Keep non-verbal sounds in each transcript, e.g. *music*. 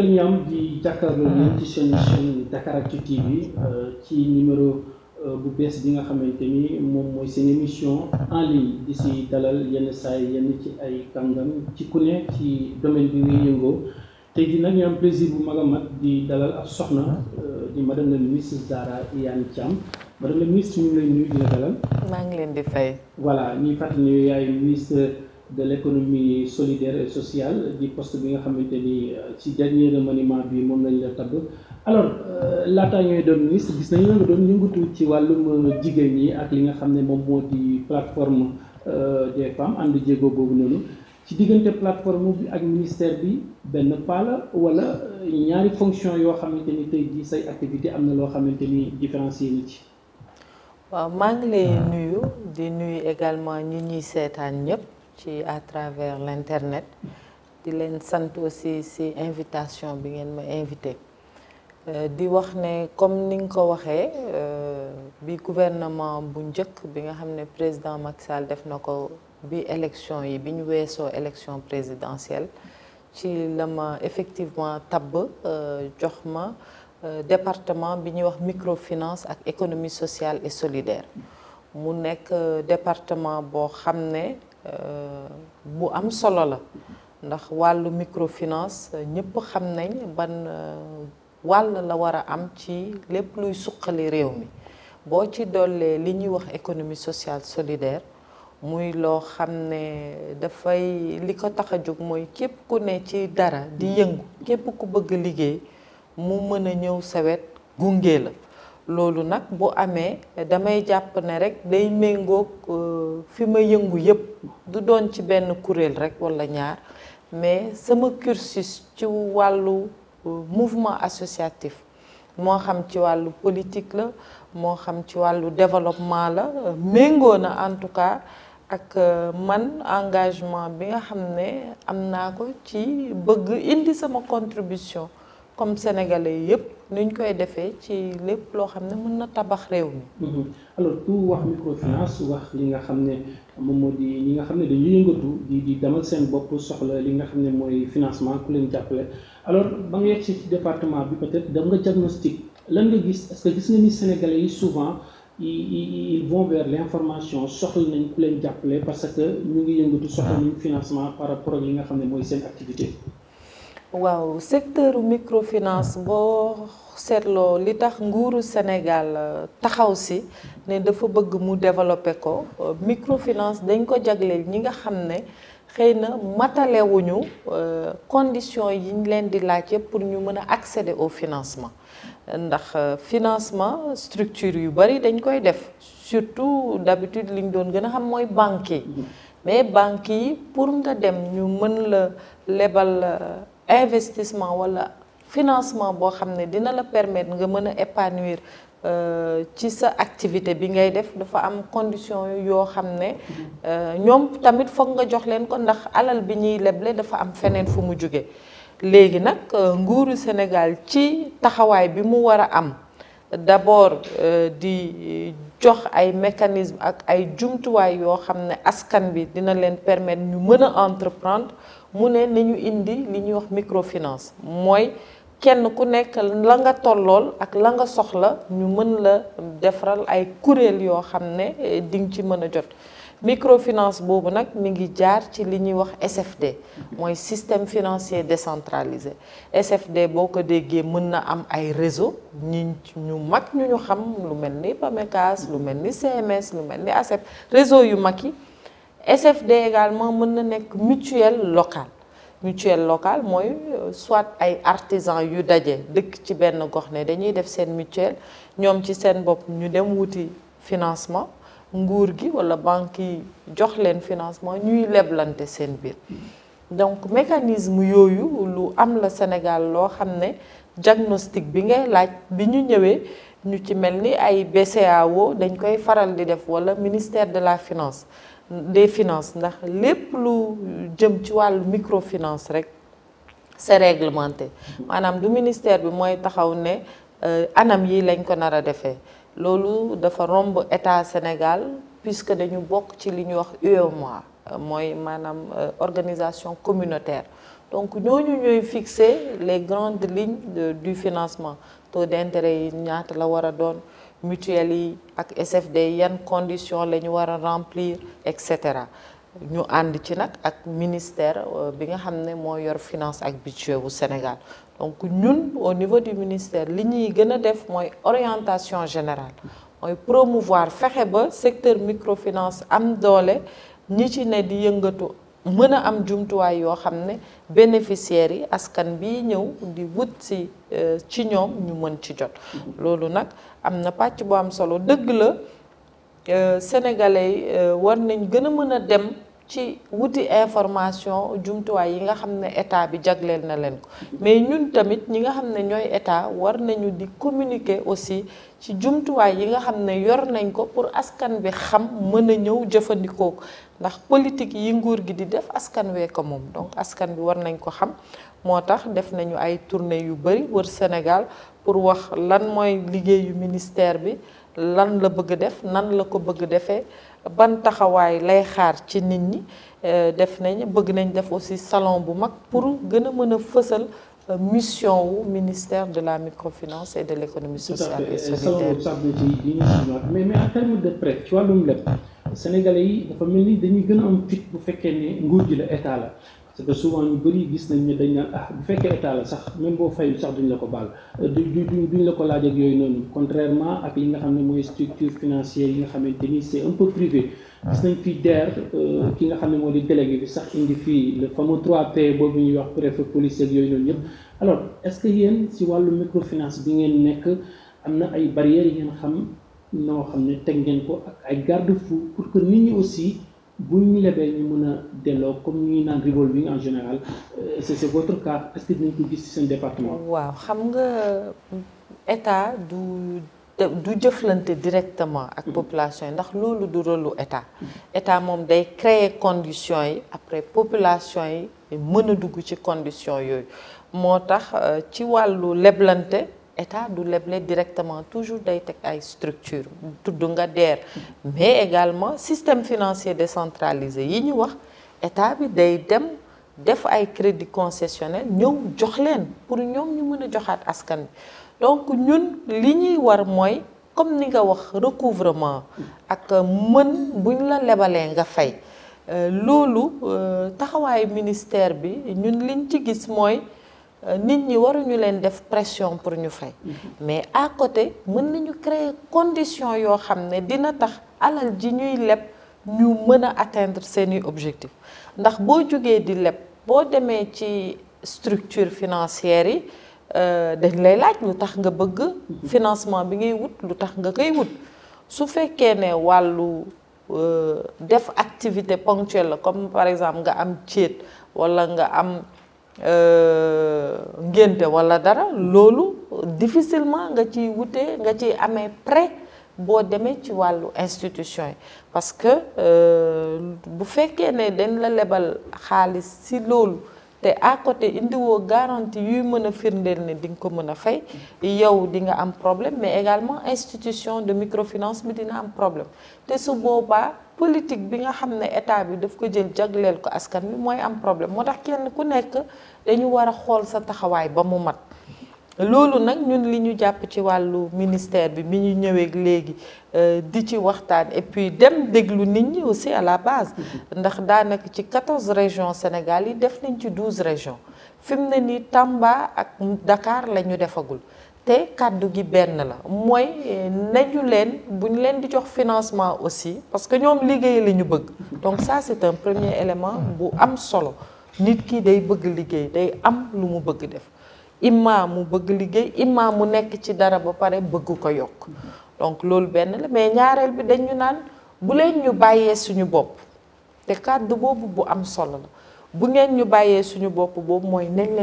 Kër Ñam di jàkkaarloo ñun ci seen ah. chaîne Dakaractu TV euh, ci numéro euh, bu bees bi nga xamante ni moom mooy seen émission en ligne di si dalal yenn saay yenn ci ay kàngam ci ku ci domaine bi ngay yëngoo tey di nag ñu am plaisir bu mag a mag di dalal ab soxna euh, di madame la ministre Zahra Iyane Thiam madame la ministre ñu ngi lay nuyu dalal. maa ngi leen di fay. voilà ñuy fàttali ne yaay ministre. de l'économie solidaire et sociale di poste bi nga xamante ni euh, ci dernier remaniement bi moom lañ la tabb alors euh, laata ñooy doon ministre gis nañ nga doon yëngatu ci wàllum euh, jigéen ñi ak li nga xam ne moom moo di plateforme des femmes ànd jéego boobu noonu ci diggante plateforme bi ak ministère bi benn pas la wala ñaari fonction yoo xamante ni tey jii say activité am na loo xamante ni ci waaw maa ngi lay ah. nuyu di nuyu également ñi ñuy seetaan ñëpp à travers l'internet Je vous sant aussi ces invitation bi vous ma invité euh, di comme euh, gouvernement bu le bi président Macky Sall def na bi élection yi présidentielle ci la effectivement tabou, euh, jox département bi microfinance ak économie sociale et solidaire mu nek département bo xamné Euh, bu am solo la ndax wàllu microfinance ñëpp xam nañ ban euh, wàll la war a am ci lépp luy suqali réew mi boo ci dollee li ñuy wax économie sociale solidaire muy loo xam ne dafay li ko tax a jóg mooy képp ku ne ci dara di yëngu képp ku bëgg liggéey mu mën a ñëw sawet gunge la loolu nag bu amee damay jàpp ne rek day méngoog euh, fi ma yëngu yëpp du doon ci benn kuréel rek walla ñaar mais sama cursus ci wàllu euh, mouvement associatif moo xam ci wàllu politique la moo xam ci wàllu développement la méngoo na en tout cas ak euh, man engagement bi nga xam ne am naa ko ci bëgg indi sama contribution comme sénégalais yëpp nuñ koy defee ci lépp loo xam ne mën na tabax réew mi. Mhm. alors ku wax microfinance wax li nga xam ne moom moo di ñi nga xam ne dañuy yëngatu di di demal seen bopp soxla li nga xam ne mooy financement ku leen jàppale alors ba nga yegg ci département bi peut-être dem nga diagnostic lan nga gis est-ce que gis nga ni sénégalais yi souvent. ils vont vers l'information soxla nañ ku leen jàppale parce que ñu ngi yëngatu soxla nañ financement par rapport li nga xam ne mooy seen activité waaw secteur microfinance boo seetloo li tax Sénégal euh, taxaw si ne dafa bëgg mu développer ko euh, microfinance dañ ko jagleel ñi nga rien. ne xëy na euh, conditions condition yi ñu di pour ñu mën accéder au financement ndax financement structure yu bari dañ koy def surtout d'habitude li ñu doon gën a xam banque mm-hmm. mais banque yi pour nga dem ñu mën le lebal investissement wala financement bo xamné dina la permettre nga mëna épanouir euh ci sa activité bi ngay def dafa am condition yo xamné euh ñom tamit foog nga jox leen ko ndax alal bi ñuy leble dafa am fenen fu mu jóge légui nak euh, nguuru Sénégal ci taxaway bi mu wara am d'abord euh, di jox ay mécanisme ak ay jumtuwaay yo xamné askan bi dina leen permettre ñu mëna entreprendre mu ne ni ñu indi li ñuy wax microfinance mooy kenn ku nekk la nga tollool ak la nga soxla ñu mën la defaral ay kuréel yoo xam ne eh, di nga ci mën a jot microfinance boobu nag mi ngi jaar ci li ñuy wax SFD mooy système financier décentralisé SFD boo ko déggee mën na am ay réseau ñu mag ñu ñu xam lu mel ni PAMECAS lu mel ni CMS lu mel ni ACEP réseau yu mag yi SFD également mën na nekk mutuelle locale mutuelle locale mooy euh, soit ay artisans yu dajé dëkk ci benn gox ne dañuy def sen mutuelle ñom ci sen bop ñu dem wuti financement nguur gi walla banque yi jox leen financement ñuy leblanté sen biir donc mécanisme yoyu lu am la Sénégal lo xamné diagnostic bi ngay laaj bi ñu ñëwé ñu ci melni ay BCEAO dañ koy faral di def wala ministère de la finance des finances ndax les lu jëm ci microfinance c'est réglementé maanaam du ministère bi mooy taxaw ne euh, anam yi lañ ko nar a defee fait dafa romb état Sénégal puisque nous sommes ci li qu'on wax UEMOA mooy euh, organisation communautaire donc nous avons fixer les grandes lignes du financement taux d'intérêt yi ñaata la war a mutuelle et ak SFD yan conditions que nous devons remplir etc. Nous avons ànd ci ministère qui euh, nga xam ne finance ak budget Sénégal donc nous, au niveau du ministère nous avons une orientation générale on promouvoir le secteur microfinance am doole ñi ci di mën a am jumtuwaay yoo xam ne bénéficiaires yi askan bi ñëw di wut si euh, ci ñoom ñu mën ci jot loolu nag am na pàcc bu am solo dëgg la sénégale euh, sénégalais euh, war nañ gën a mën a dem ci wuti information jumtuwaay yi nga xam ne état bi jagleel na leen ko mais ñun tamit ñi nga xam ne ñooy état war nañu di communiquer aussi ci jumtuwaay yi nga xam ne yor nañ ko pour askan bi xam mën a ñëw jëfandikoo ndax politique yi nguur gi di def askan wee ko moom donc askan bi war nañ ko xam moo tax def nañu ay tournée yu bari wër Sénégal pour wax lan mooy liggéeyu ministère bi lan la bëgg def nan la ko bëgg defee ban taxawaay lay xaar ci nit ñi euh, def nañ bëgg nañ def aussi salon bu mag pour gën a mën a fësal euh, mission wu ministère de la microfinance et de l'économie sociale et solidaire mais mais en termes de prêt ci wàllum lépp Sénégalais yi dafa mel ni dañuy gën a am fit bu fekkee ne nguur gi la état la parce que souvent ñu bëri gis nañ ne dañ naan ah bu fekkee état la sax même boo fayu sax duñ la ko baal euh, duñ la ko laaj ak yooyu noonu contrairement ak yi nga xam ne mooy structure financière yi nga xamante ni c'est un peu privé gis nañ fii DER euh, ki nga xam ne moo di délégué bi sax indi fii le fameux 3P boobu ñuy wax préfet police yooyu noonu yëpp alors est-ce que yéen si wàllu microfinance bi ngeen nekk am na ay barrières yi ngeen xam noo xam ne teg ngeen ko ak ay garde-fou pour que nit ñi aussi bu ñu lebee ñu mën a delloo comme ñuy naan revolving en général euh, c'est votre cas est-ce que dinañ ko gis ci seen département. waaw xam nga état du. du jëflante directement ak mm-hmm. population yi ndax loolu du rôle état état moom day créer conditions yi après population yi mën a dugg ci conditions yooyu moo tax euh, ci wàllu leblante état du directement toujours day structures ay structure tudd nga DER mais également système financier décentralisé yi ñu wax état bi day dem def ay crédit concessionnel ñeu jox leen pour ñom ñu mëna joxat askan donc ñun li war moy comme ni nga wax recouvrement ak mën buñ la lebalé nga fay euh, lolu euh, taxaway ministère bi ñun liñ ci gis mooy euh, nit ñi waruñu leen def pression pour ñu fay mm-hmm. mais à côté mën nañu créer condition yoo xam ne dina tax alal ji ñuy leb ñu mën a atteindre seeni objectif ndax boo jógee di leb boo demee ci structure financière yi euh, dañ lay laaj lu nga bëgg mm-hmm. financement bi ngay wut lu nga koy wut su fekkee ne wàllu euh, def activité ponctuelle comme par exemple nga am céet walla nga am euh, ngenté wala dara lolu difficilement nga ci wute nga ci amé prêt bo démé ci walu institution parce que euh, bu féké né den la lebal xaalis si te à côté indiwoo garantie yuy mën a firndeel ne di nga ko mën a fay yow di nga am problème mais également institution de microfinance bi dina am problème te su boobaa politique bi nga xamné état bi daf ko jël jagleel ko askan bi moy am problème motax kenn ku nek dañu wara xol sa taxaway ba mu mat nous nak ñun li ñu japp ci walu ministère bi mi ñu légui euh di ci waxtaan et puis dem déglu aussi à la base ndax daanaka ci 14 régions Sénégal yi def nañ ci 12 régions fi ni Tamba ak Dakar la ñu defagul Té, le gi ben la moy euh, nañu buñ di jox financement aussi parce que ñom ligéy la ñu bëgg donc ça c'est un premier élément bu am solo nit ki day bëgg ligéy day am lu bëgg def Imam bëgg liggéey ci dara ba pare bëgg ko donc loolu benn la mais ñaareel bi ñu naan bu leen ñu bàyyee suñu bopp te kàddu boobu bu am solo bu ngeen ñu suñu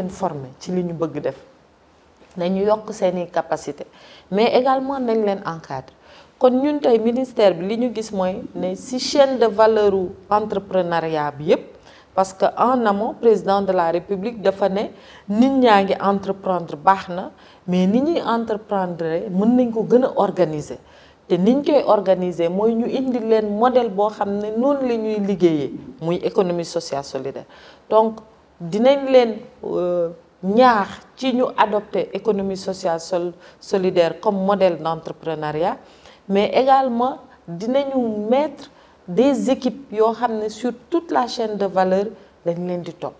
former ci li ñu bëgg def nañu capacité mais également nañ leen kon ñun ministère bi li ñu gis ne chaîne de valeur parce qu'en amont, le président de la république a dit nous avons entreprendre bien, mais nous avons entreprendre mën nañ ko organiser Et nous koy organiser ñu indi leen modèle boo nous nous sociale solidaire donc nous leen euh, adopté ci ñu adopter économie sociale solidaire comme modèle d'entrepreneuriat mais également nous nous mettre des équipes yoo xam sur toute la chaîne de valeur dañ leen di top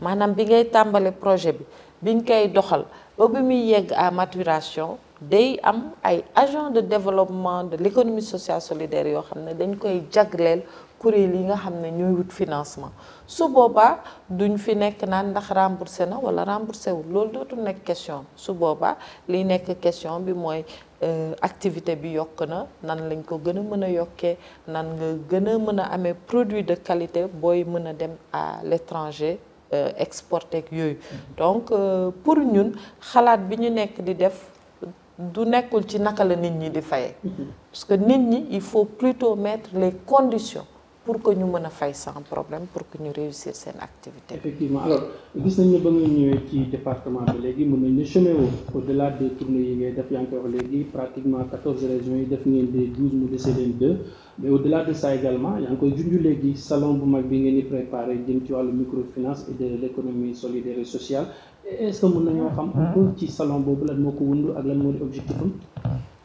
manam bi ngay tambalé projet bi biñ kay doxal ba bi muy yegg à maturation day am ay agents de développement de l'économie sociale solidaire yo xamné dañ koy jagleel kuréel yi nga xamné ñoy wut financement su boba duñ fi nek naan ndax rembourser na wala remboursé wul loolu dootul nek question su boba li nek question bi moy euh, activité bi yokuna nan lañ ko gëna mëna mën nan nga gëna mëna amé produit de qualité boy mëna dem à l'étranger euh, exporter ak yoy mm-hmm. donc euh, pour ñun xalaat bi ñu nekk di def du nekkul ci naka la nit ñi di fayé mm-hmm. parce que nit ñi il faut plutôt mettre les conditions pour que nous puissions faire sans problème pour que nous réussir cette activité. effectivement alors nous avons un petit département de l'Église, nous avons ne chemin au delà des tournées yi ngay def yaa pratiquement 14 régions yi def ngeen des 12 mu mais au delà de ça également il y a encore une salon bu mag bi ngeen di préparé microfinance et l'économie solidaire et sociale est ce que nous avons un petit salon pour nous, moo un objectif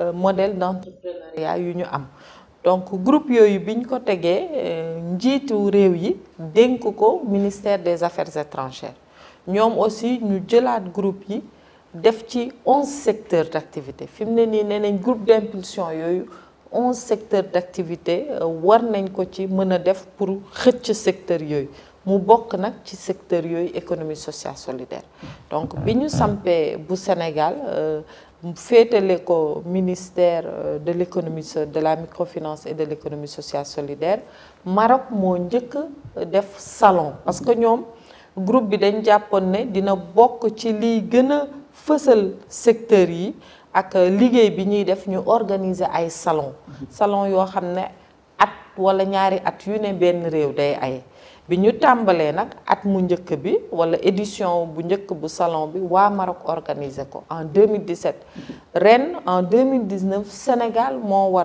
Euh, modèle d'entrepreneuriat Donc, le am donc groupe yooyu bi ñu ko tegee euh, njiitu ministère des affaires étrangères Nous avons aussi ñu le groupe qui def 11 secteurs d'activité Nous nous un groupe d'impulsion 11 secteurs d'activité euh, war nañ ko ci pour xëcc secteurs Nous mu bokk nag ci secteur économie sociale solidaire donc nous sommes au Sénégal féetale ko ministère euh, de l'économie de la microfinance et de l'économie sociale solidaire Maroc moo njëkk def salon parce que nous, groupe bi dañ jàppoon dina bok ci li gëna a secteur yi ak liguey bi ñuy def ñu organiser ay salon mm-hmm. salon yo xamné at wala ñaari at yu ne benn réew day ay bi ñu tàmbalee édition bu salon Maroc en 2017 en 2019 Sénégal mo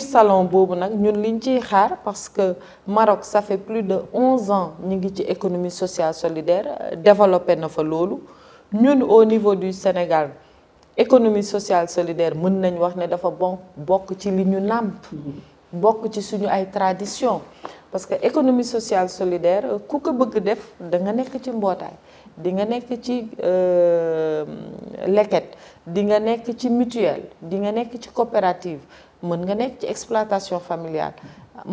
salon fait nak ñun parce que Maroc ça fait plus de 11 ans ñi ngi économie sociale solidaire développé na au niveau du Sénégal économie sociale solidaire Nous nañ wax dafa bon tradition parce que économie sociale solidaire ku ko bëgg def da nga nekk ci mbootaay di nga nekk ci euh, leket di nga nekk ci mutuelle di nga nekk ci coopérative mën nga nekk ci exploitation familiale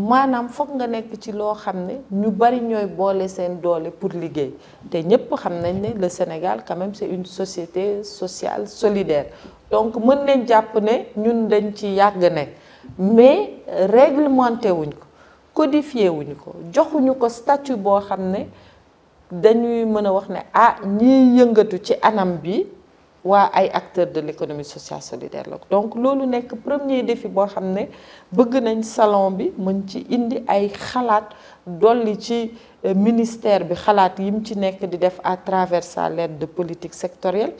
maanaam foog nga nekk ci loo xam ne ñu bari ñooy boole seen doole pour liggéey te ñépp xam nañ ne le Sénégal quand même c'est une société sociale solidaire donc mën nañ jàpp ne ñun dañ ci yàgg nekk mais réglementé wuñ ko codifié wuñu ko joxuñu ko statut boo xam ne dañuy mën a wax ne ah ñiy yëngatu ci anam bi waa ay acteurs de l'économie social solidaire la ko donc loolu nekk premier défi boo xam ne bëgg nañ salon bi mën ci indi ay xalaat dolli ci euh, ministère bi xalaat yim ci nekk di def à travers sa de politique sectorielle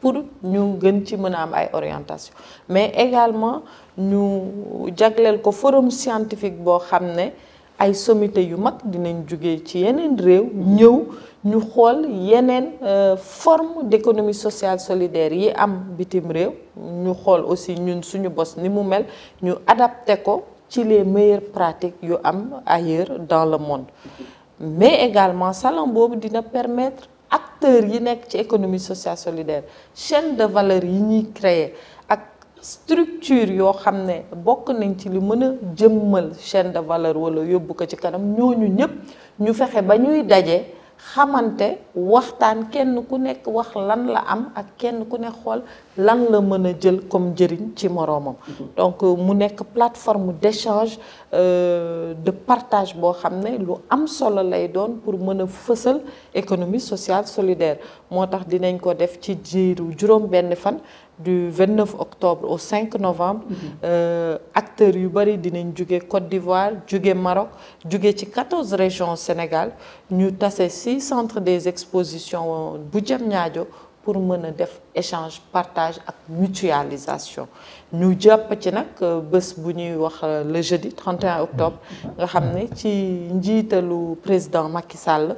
pour nous gën ci mën orientation mais également ñu jagleel ko forum scientifique qui a été ay sommité yu mag dinañ jóge ci yenen réew ñëw ñu xol yenen euh, forme d'économie sociale solidaire yi am bitim réew ñu xol aussi ñun suñu boss ni mu mel ñu adapter ko ci les meilleures pratiques yu am ailleurs dans le monde mais également salon bobu dina permettre acteurs yi nekk ci économie sociale solidaire chaîne de valeur yi ñuy créer ak structure yoo xam ne bokk nañ ci li mën a jëmmal chaîne de valeur wala yóbbu ko ci kanam ñooñu ñëpp ñu fexe ba ñuy dajee xamante waxtaan kenn ku nekk wax lan la am ak kenn ku ne xool lan la mën a jël comme njëriñ ci moroomam mhm. donc euh, mu nekk plateforme d'échange euh, de partage boo xam ne lu am solo lay doon pour mën a fësal économie sociale solidaire moo tax dinañ ko def ci jiiru juróom benn fan du 29 octobre au 5 novembre mhm. euh, acteurs yu Bari Côte d'Ivoire du Maroc 14 régions Sénégal ñu tassé centre des expositions bu pour mener des échanges, échange partage et mutualisation Nous Nous ci nag que euh, euh, le jeudi 31 octobre mhm. nga qui dit ci président Macky Sall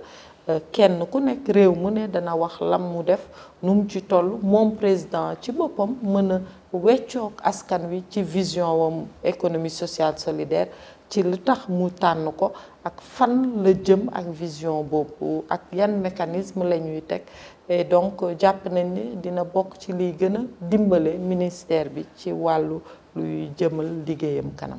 kenn ku nekk réew mu ne dana wax lam mu def nu mu ci toll moom président ci boppam mën a weccoog askan wi ci vision wam économie sociale solidaire ci lu tax mu tànn ko ak fan la jëm ak vision boobu ak yan mécanisme la ñuy teg et donc jàpp nañ ni dina bokk ci liy gën a dimbale ministère bi ci wàllu luy jëmal liggéeyam kanam.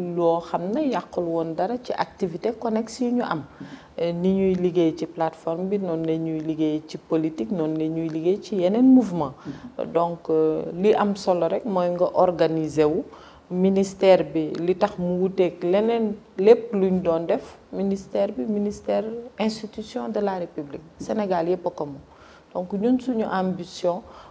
loo xam ne yàqul woon dara ci activité connexe yi ñu am euh, ni ñuy liggéey ci plateforme bi noonu la ñuy liggéey ci politique noonu la ñuy liggéey ci mouvement donc euh, li am solo rek moy nga organiser wu ministère bi li tax mu wuteeg lenen lepp luñ doon def ministère bi ministère institution de la République Sénégal yépp ko mo. donc ñun suñu ambition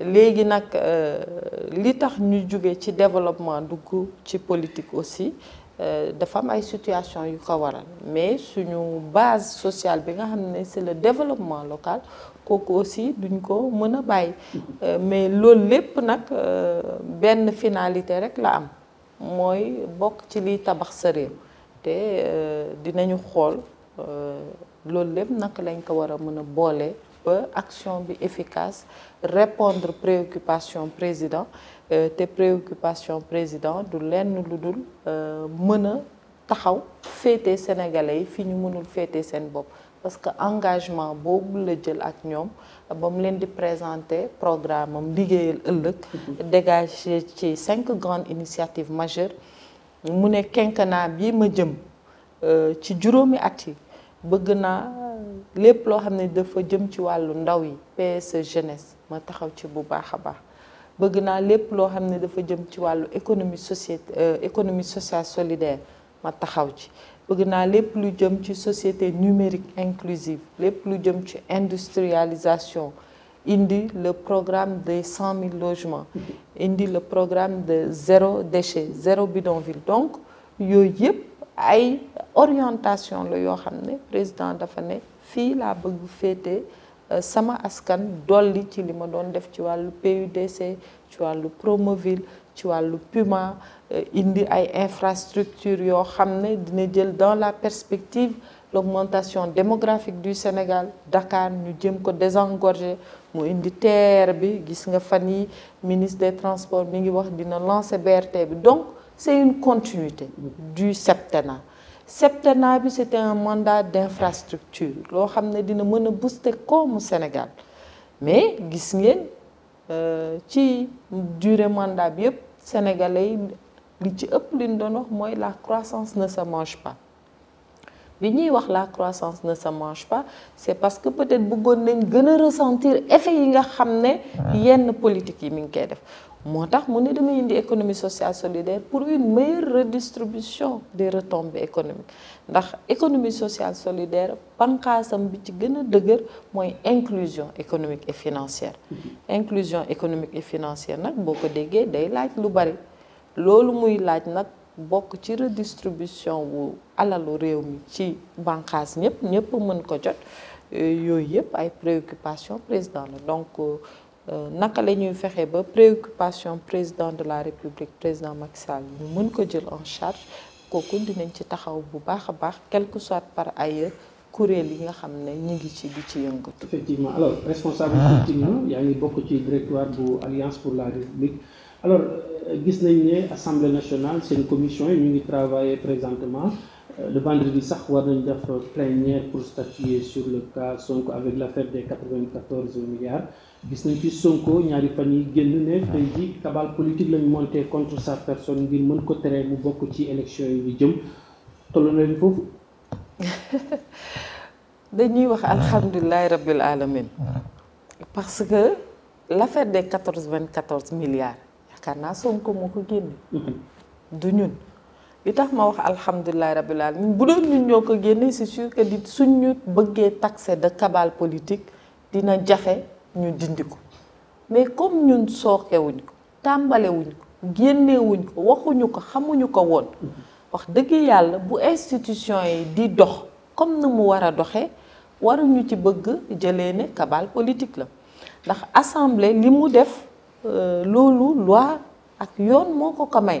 léegi nag euh, li tax ñu jóge ci développement dugg ci politique aussi euh, dafa am ay situation yu ko waral mais suñu base sociale bi nga xam ne c'est le développement local kooku aussi duñ ko mën a bàyyi euh, mais loolu lépp nag benn finalité rek la am mooy bokk ci liy tabax sa réew te dinañu xool loolu lépp nag lañ ko war a mën a boole action efficace répondre préoccupation président euh, tes préoccupations président du lenn lu euh pour taxaw fété sénégalais yi fi ñu mënul fété sen parce que engagement bobu le jël ak ñom bam di présenter programme am liggéeyal dégagé ci cinq grandes initiatives majeures mu né quinquennat bi ma jëm euh, ci juroomi atti bëgg naa lépp loo xam dafa jëm ci walu ndaw yi PSE jeunesse ma taxaw ci bu baaxa a baax bëgg naa lépp loo dafa jëm ci walu économie société euh, économie sociale solidaire ma taxaw ci bëgg naa lépp lu jëm ci société numérique inclusive lépp lu jëm ci industrialisation indi le programme des cent mille logements indi le programme de zéro déchet zéro bidonville donc yoy yëpp ay orientation le président dafa né fi la bëgg euh, sama askan dolly ci PUDC ci Promoville ci Puma euh, indi ay dans la perspective l'augmentation démographique du Sénégal Dakar ñu jëm désengorger indi bi ministre des transports ngi wax BRT donc c'est une continuité du septennat septennat bi c'était un mandat d'infrastructure Ce qui ne dina mën booster Sénégal mais gis ngeen euh, ci durée mandat les sénégalais li la croissance ne se mange pas on ñuy que la croissance ne se mange pas c'est parce que peut-être bëggoon ne ressentir effet yi nga yenn politique yi je tax mu ne dama économie sociale solidaire pour une meilleure redistribution des retombées économiques ndax économie sociale solidaire banqaasam bi ci gën a dëgër inclusion économique et financière inclusion économique et financière c'est beaucoup de déggee day laaj lu bari loolu muy laaj beaucoup de redistribution wu à la mi ci banqaas n'y a pas ko euh, préoccupation président donc euh, euh, naka ñuy fexé ba préoccupation président de la république président Macky Sall ñu mën ko jël en charge kooku dinañ ci taxaw bu baaxa baax quel que soit par ailleurs kuréel yi nga xamné ñi ngi ci di ci yëngatu. effectivement alors responsable ah. politique hein, y a bokk ci directoire bu alliance pour la république alors euh, gis nañ né assemblée nationale une commission qui ñu ngi travailler présentement. Euh, le vendredi sax war nañ def plénière pour statuer sur le cas Sonko avec l'affaire des 94 milliards gis nañ ci Sonko ñaari fan yi génn ne tey ji cabale politique lañ monté contre sa personne ngir mën ko téré mu bokk ci élection yi ñu jëm tollu nañ dit foofu *laughs* dañuy wax alhamdoulillah rabbil alamin parce que l'affaire des 94 milliards yakarna Sonko moko ko mm-hmm. du ñun li tax ma wax alhamdulilah rabbil alamin bu doon ñun ñoo ko génne c'est sûr que di ñu bëggee taxé de kabal politique dina jaxe ñu dindi mais comme ñun sookewuñ ko tàmbalewuñ ko génnewuñ ko waxuñu ko xamuñu ko woon wax dëgg yàlla bu institution yi di dox comme na mu war a doxee waruñu ci bëgg jëlee ne kabal politique la ndax assemblée li mu def euh, loolu loi ak yoon moo ko ko may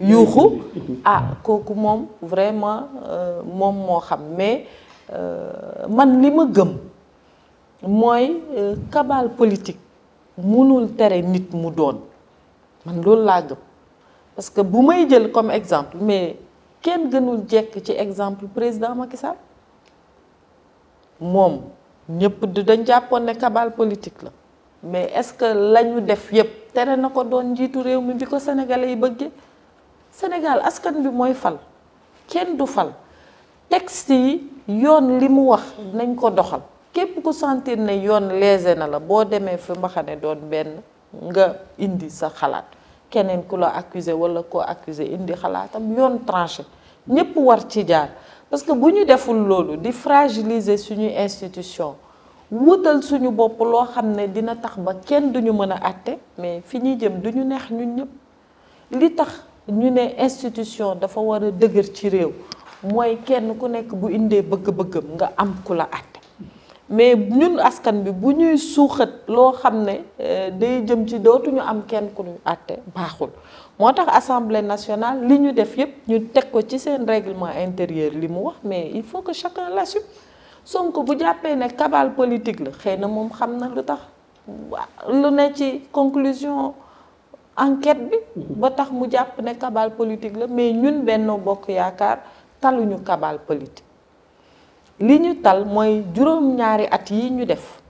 yuuxu ah kooku mom vraiment euh, mom mo xam mais euh, man lima gëm moy cabale euh, politique mënul téré nit mu doon man lool la gëm parce que bu may jël comme exemple mais kenn gënul jekk ci exemple président Macky Sall moom ñëpp du dañ jàppoon ne cabale politique la mais est-ce que lañu def yépp téré nako doon jitu réew mi biko sénégalais yi bëggé Sénégal askan bi mooy fal kenn du fal texte yi yoon li mu wax nañ ko doxal képp ku sentir ne yoon léser na la boo demee fi mbaxane doon benn nga indi sa xalaat keneen ku la accusé wala koo accusé indi xalaatam yoon tranché ñépp war ci jaar parce que bu ñu deful loolu di fragiliser suñu institution wutal suñu bopp loo xam ne dina tax ba kenn duñu mën a àtte mais fi ñuy jëm duñu neex ñun ñëpp li tax ñu ne institution dafa war a dëgër ci réew mooy kenn ku nekk bu indee bëgg-bëggam nga am ku la àtte mais ñun askan bi bu ñuy suuxat loo xam ne euh, day jëm ci dootuñu am kenn ku ñu àtte baaxul moo assemblée nationale li ñu def yépp ñu teg ko ci seen règlement intérieur li wax mais il faut que chacun l'assume Sonko bu jàppee ne cabale politique la xëy na moom xam na lu tax lu ne ci conclusion enquête bi ba tax mu jàpp ne cabale politique la mais ñun Benno Bokk Yaakaar taluñu cabale politique li ñu tal mooy juróom-ñaari at yi ñu def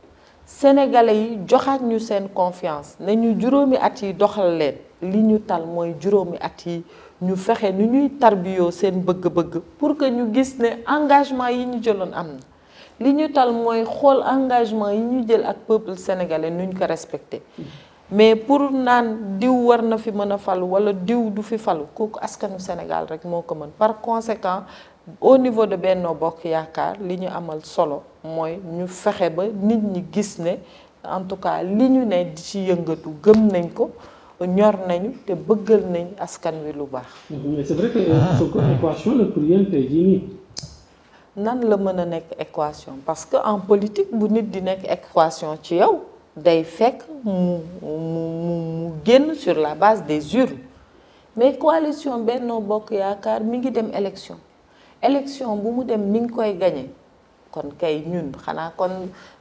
sénégale yi joxaat ñu seen confiance ne ñu juróomi at yi doxal leen li ñu tal mooy juróomi at yi ñu fexe nu ñuy tarbiyoo seen bëgg-bëgg pour que ñu gis ne engagement yi ñu jëloon am na li ñu tal mooy xool engagement yi ñu jël ak peuple sénégalais nuñ ko respecté mais pour nous, diw war ne fi mën a ou le dieu du fi falu askanu Sénégal par conséquent au niveau de Benno Bokk fait, li amal solo moi ñu faire ba nit ñi gis en tout cas li ñu ci gëm nañ te bëggal nañ c'est vrai que une équation pour la équation parce que en politique si nit di équation day fekk mu mu mu sur la base des urnes mais coalition Benno Bokk Yaakaar mi ngi dem élection élection bu mu dem mi ngi koy gañe kon kay ñun xanaa kon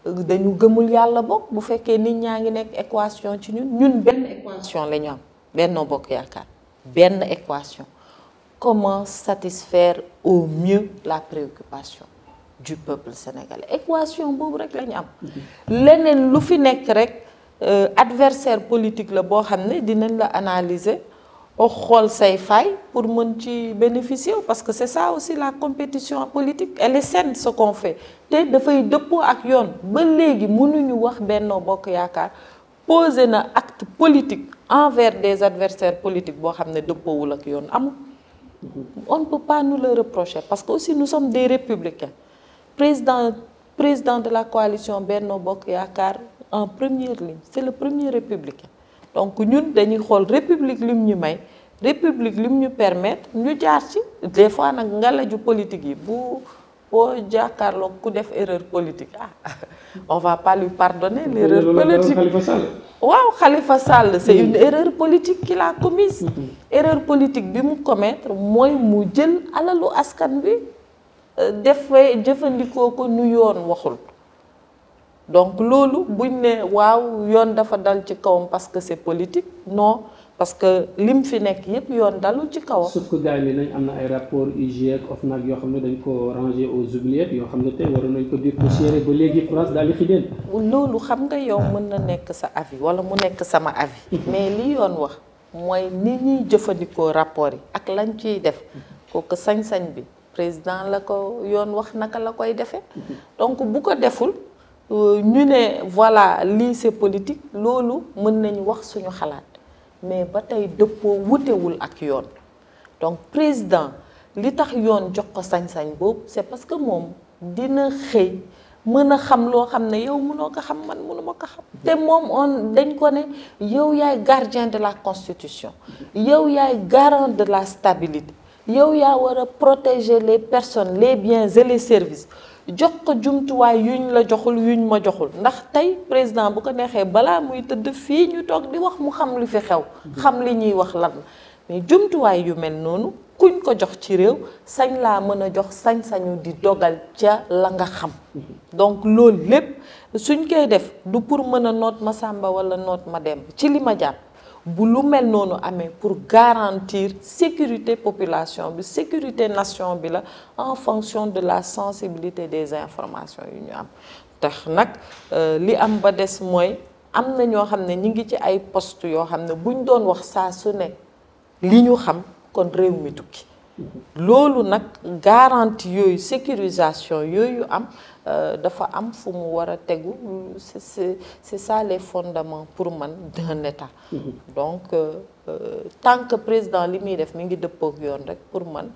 euh, dañu gëmul yàlla bokk bu fekkee nit ñaa ngi nekk équation ci ñun ñun benn équation la ñu am Benno Bokk Yaakaar benn équation comment satisfaire au mieux la préoccupation du peuple sénégalais équation quoi rek la ñu am leneen lu fi nekk rek euh, adversaire politique la bo xamné ne dinañ la analyser oh, failles pour bénéficier parce que c'est ça aussi la compétition politique elle est saine ce qu'on fait te dafay fait, ak yoon ba léegi wax Benno Bokk acte politique envers des adversaires politiques on ne peut pas nous le reprocher parce que aussi nous sommes des républicains président président de la coalition Bok et Akar en première ligne c'est le premier républicain donc nous dañuy xool république lim ñu république lim ñu permet, ñu jaar ci des fois nag ngalaju politique yi bu boo jàkkaarloo ku def erreur politique ah *laughs* on va pas lui pardonner l'erreur politique Wow, Khalifa Sall c'est une mm-hmm. erreur politique qu'il a commise mm-hmm. erreur politique bi mu commettre moi mu jël alalu askan wi def defee jëfandikoo ko nu yoon waxul donc loolu buñ ne waaw yoon dafa dal ci kawam parce que c'est politique non parce que lim fi nekk yépp yoon dalu ci kawam. sauf que gars yi nañ am na ay rapport IGE ak OFNAC yoo xam ne dañ ko rangé au oubliettes yoo xam ne tey waroon nañ ko dépoussiérer ba léegi France daal di xideen loolu xam nga yow mën na nekk sa avis wala mu nekk sama avis. mais lii yoon wax mooy ni ñuy jëfandikoo rapport yi ak lañ ciy def kooku sañ-sañ bi. président la ko wax naka la koy donc bu ko deful euh, voilà li c'est politique wax suñu xalaat mais ba ak donc président li tax jox ko sañ-sañ c'est parce que mom dina a xam yow ko xam man ko xam on gardien de la constitution yow yaay garant de la stabilité yow yaa war a protéger les personnes les biens et les services jox ko jumtuwaay yuñ la joxul yuñ ma joxul ndax tey président bu ko neexee balaa muy tëdd fii ñu toog di wax mu xam li fi xew xam li ñuy wax lan mais jumtuwaay yu mel nonu, kuñ ko jox ci réew sañ laa mën a jox sañ-sañu di dogal ca la nga xam donc loolu lépp suñ koy def du pour mën a ma samba wala noot ma demb ci li ma jàpp bu lu mel noonu amee pour garantir sécurité population bi sécurité nation bi la en fonction de la sensibilité des informations yu ñu am tax nag euh, li am ba des mooy am na ñoo ne ñi ngi ci ay poste yo xamné buñ doon wax sa su ne li ñu xam kon rew mi tukki lolu nak garantie yooyu sécurisation yooyu am euh, dafa am fu mu war a tegu c'est c'est ça les fondements pour man d'un état mm-hmm. donc euh, euh, tant que président li muy def mi ngi dëppoog yoon rek pour man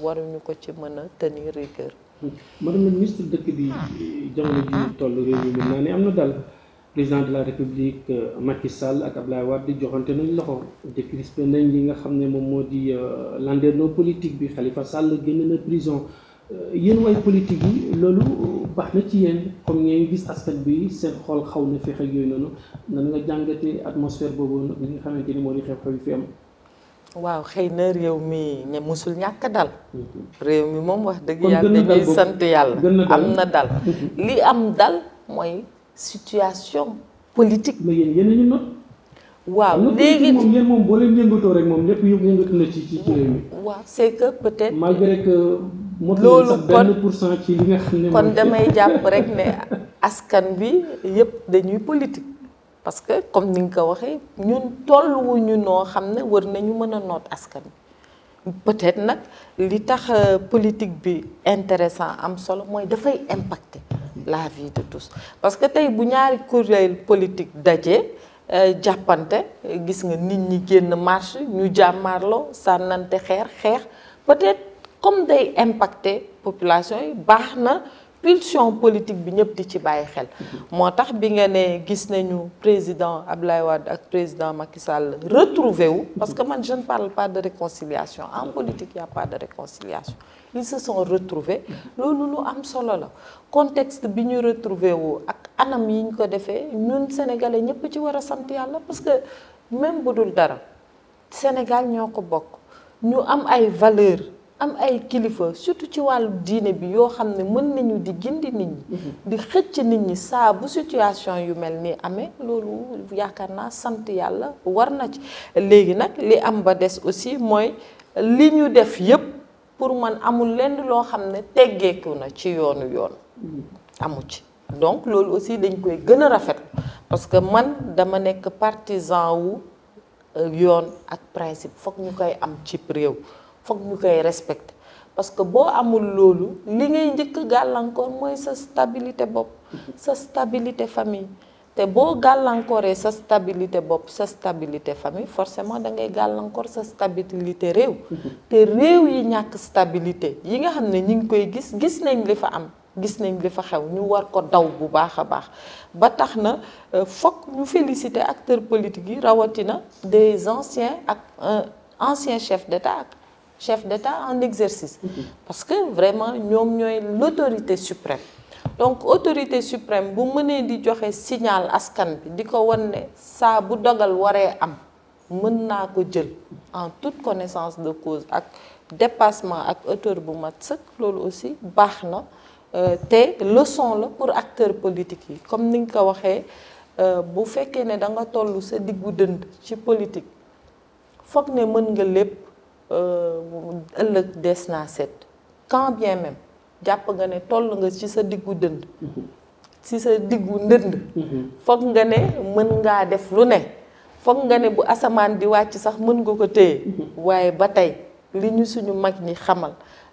waruñu ko ci mën a tenir rigueur mm-hmm. madame la ministre dëkk bi jamono ji toll réew mi mën naa ne am na daal président de la république Macky Sall ak Abdoulaye Wade joxante nañ loxo décrispé nañ li nga xam ne moom moo di politique bi Khalifa Sall génn na prison Euh, yéen way politique yi loolu baax na ci yéen comme ngeen gis askan bi seen xool xaw na feex ak yooyu noonu nan nga jàngatee atmosphère boobu nag nga xamante ni moo di xew-xew yi fi am. waaw xëy na réew mi ña musul ñàkk dal. Mm-hmm. mi moom wax dëgg yàlla dañuy sant yàlla am na dal mm-hmm. li am dal mooy situation politique. mais yéen yéen ñu not. waaw léegi moom moom boo leen yëngatoo rek moom lépp yëngatu na ci ci réew mi. waaw c'est que peut loolu kon kon damay *laughs* jàpp rek ne askan bi yëpp dañuy politique parce que comme ni nga ko waxee ñun ñu noo xam ne war nañu mën a noot askan bi peut-être nag li tax euh, politique bi intéressant am solo mooy dafay impacter la vie de tous parce que tey bu ñaari kuréel politique daje euh, jàppante gis nga nit ñi génn marche ñu jàmmarloo sànnante xeer xeex peut-être comme impacté la population yi na pulsion politique bi ñepp di ci baye xel. que bi nga né gis nañu président Abdoulaye Wade ak président Macky Sall retrouvé wu. parce que man je ne parle pas de réconciliation en politique il y a pas de réconciliation ils se sont retrouvés lolu lu am solo la contexte bi ñu retrouvé wu ak anam yi ñu ko défé ñun sénégalais ñepp ci wara a sant parce que même si dara Sénégal ñoko bok ñu am ay valeurs. am ay kilifa surtout ci wàllu diine bi yoo xam ne mën nañu di gindi nit ñi. Mhm. di xëcc nit ñi saa bu situation yu mel nii amee loolu yaakaar naa sant yàlla war na ci. léegi nag li am ba des aussi mooy li ñu def yépp pour man amul lenn loo xam ne teggeeku na ci yoonu yoon. Mhm. amu ci donc loolu aussi dañ koy gën a rafet parce que man dama nekk partisan wu euh, yoon ak principe fokk ñu koy am ci réew. foog ñu koy respecté parce que boo amul loolu li ngay njëkk gàllankoor mooy sa stabilité bopp sa stabilité famille te boo gàllankooree sa stabilité bopp sa stabilité famille forcément da ngay gàllankoor sa stabilité réew te réew yi ñàkk stabilité yi nga xam ne ñu ngi koy gis gis nañ li fa am gis nañ li fa xew ñu war ko daw bu baax a baax ba tax na euh, fokk ñu féliciter acteur politiques yi rawatina des anciens ak euh, anciens chef d'État ak chef d'État en exercice. parce que vraiment nous sommes l'autorité suprême. donc autorité suprême si vous un signal à bi en toute connaissance de cause dépassement ak hauteur bu aussi euh, leçon pour acteurs politiques comme vous avez un politique Euh, ëllëg des naa seet quand bien même jàpp nga ne toll nga ci sa diggu dënd ci sa diggu ndënd foog nga ne mën ngaa def lu ne foog nga ne bu asamaan di wàcc sax mën nga ko téye mhm. waaye ba tey li ñu suñu mag ñi xamal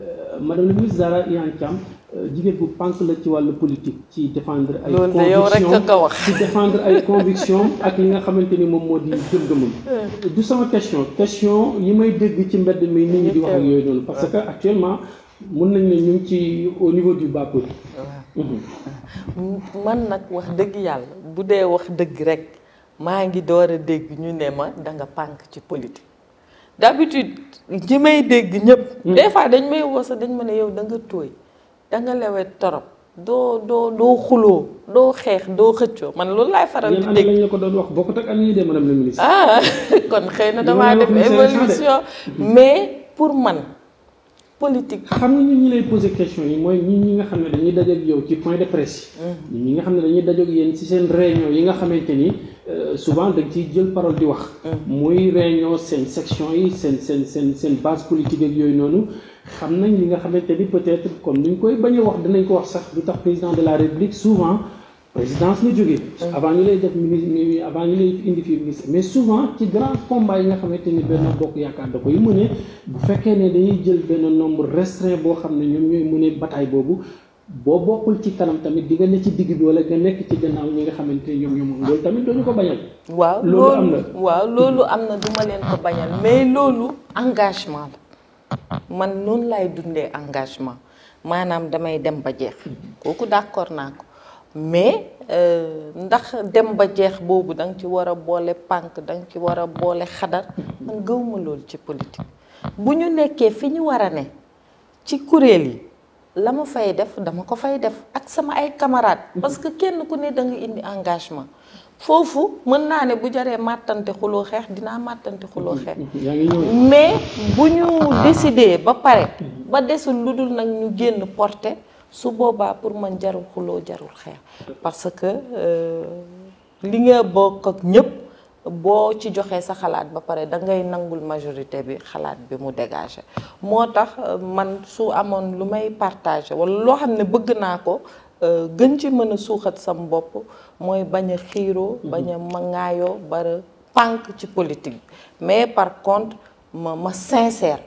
Euh, madame la ministre Zahra Iyane Thiam euh, jigéen bu pànk la ci wàllu politique ci défendre ay convictions ci défendre ay convictions ak li nga xamante ni moom moo di gëm-gëmam euh. du sama question question yi may dégg ci mbedd mi nit ñi di wax yooyu noonu parce que actuellement mun nañ ne ñu ngi ci au niveau du bas peuple mm-hmm. man nag wax dëgg yàlla bu dee wax dëgg rek maa ngi door a dégg ñu ne ma da nga pànk ci politique d'habitude ñi may dégg ñëpp. des mm. fois dañ may woo sax dañ ma ne yow da nga tooy da nga lewet torop doo doo doo xuloo doo xeex doo xëccoo man loolu laay faral di dégg yéen ko doon wax bokkut ak Aliou de madame la ministre. ah *laughs* kon xëy na damaa def évolution mais pour man politique. xam nga ñun ñi lay poser question yi mooy ñun ñi nga xam ne dañuy dajeeg yow ci point de presse. Mm. ñi nga xam ne dañuy dajeeg yéen ci seen réunion yi nga xamante ni. Euh, souvent dañ ciy jël parole di wax. muy réunion seen section yi seen seen seen seen base politique ak yooyu noonu xam nañ li nga xamante ni peut-être comme ni ñu koy bañ a wax dinañ ko wax sax du tax président de la république souvent présidence la jógee. avant ñu lay def ministre avant ñu lay indi fi ministre mais souvent ci grand combat yi nga xamante ni benn bokk yaakaar da koy mëne bu fekkee ne dañuy jël benn nombre restreint boo xam ne ñoom ñooy mëne bataille boobu. boo bokkul ci kanam tamit di nga ne ci digg bi wala nga nekk ci gannaaw ñi nga xamante ne ñoom ñoom loolu tamit doo ñu ko bañal. waaw loolu am na waaw loolu am na du leen ko bañal mais loolu engagement man noonu laay dundee engagement maanaam damay dem ba jeex kooku d'accord naa ko mais euh, ndax dem ba jeex boobu da nga ci war a boole pànk da nga ci war a boole xadar man gëwuma loolu ci politique bu ñu nekkee fi ñu war a ne ci kuréel yi. la ma fay def dama ko fay def ak sama ay camarades. Mm-hmm. parce que kenn ku ne da nga indi engagement. foofu mën naa ne bu jaree màttante xuloo xeex dinaa màttante xuloo mm-hmm. xeex. Mm-hmm. mais bu ñu décider ba pare. ba desul lu dul nag ñu génn porté su boobaa pour man jarul xuloo jarul xeex. parce que euh, li nga bokk ak ñëpp. bo ci joxe sa xalaat ba pare da ngay nangul majorité bi xalaat bi mu dégager motax euh, man su amone lu may partagé walla loo xam bëgg nako euh, gën ci mëna a suuxat sam bopp moy baña xiro baña bañ mhm. bare mangaayoo ci politique mais par contre ma sincère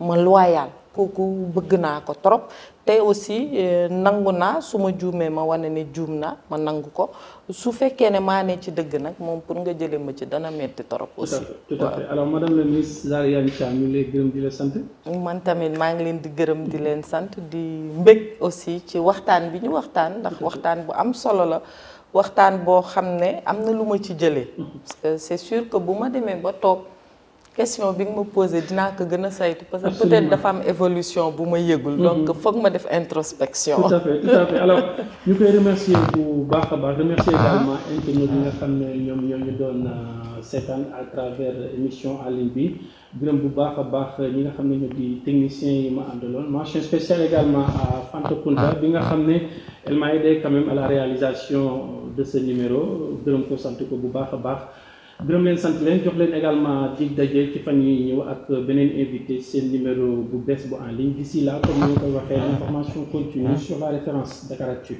ma loyal kooku bëgg na ko trop té aussi euh, nanguna suma su ma wané né wane ma nangu ko su féké né ma né ci dëgg nak mom pour nga jëlé ma ci dana metti trop aussi tout à fait alors madame la ministre Zahra Iyane ñu lay gërëm di la sante man tamit ma ngi leen di gërëm di leen sante di mbégg aussi ci waxtaan bi ñu waxtaan ndax waxtaan bu am solo la waxtaan bo xamné amna luma ci jëlé mm-hmm. parce que c'est sûr que buma démé ba tok question bi nga poser, dina dinaa ko gën a saytu. parce que peut-être la am évolution bu ma yëgul. Mm-hmm. donc que ma def introspection. tout à fait tout à fait alors je koy remercier bu baax remercier également ah. internet yi nga xam ne ñoom ñoo doon euh, à travers émission en ligne bi gërëm bu baax a baax ñi nga xam di ma mention spéciale également à Fanta Kounda ah. bi nga elle m'a aidé quand même à la réalisation de ce numéro je ko sant ko bu gërëm leen sant leen jox leen également ci dajee ci fan yi ñëw ak beneen invité seen numéro bu bees bu en ligne d'ici là comme ni nga koy waxee information continue sur la référence Dakaractu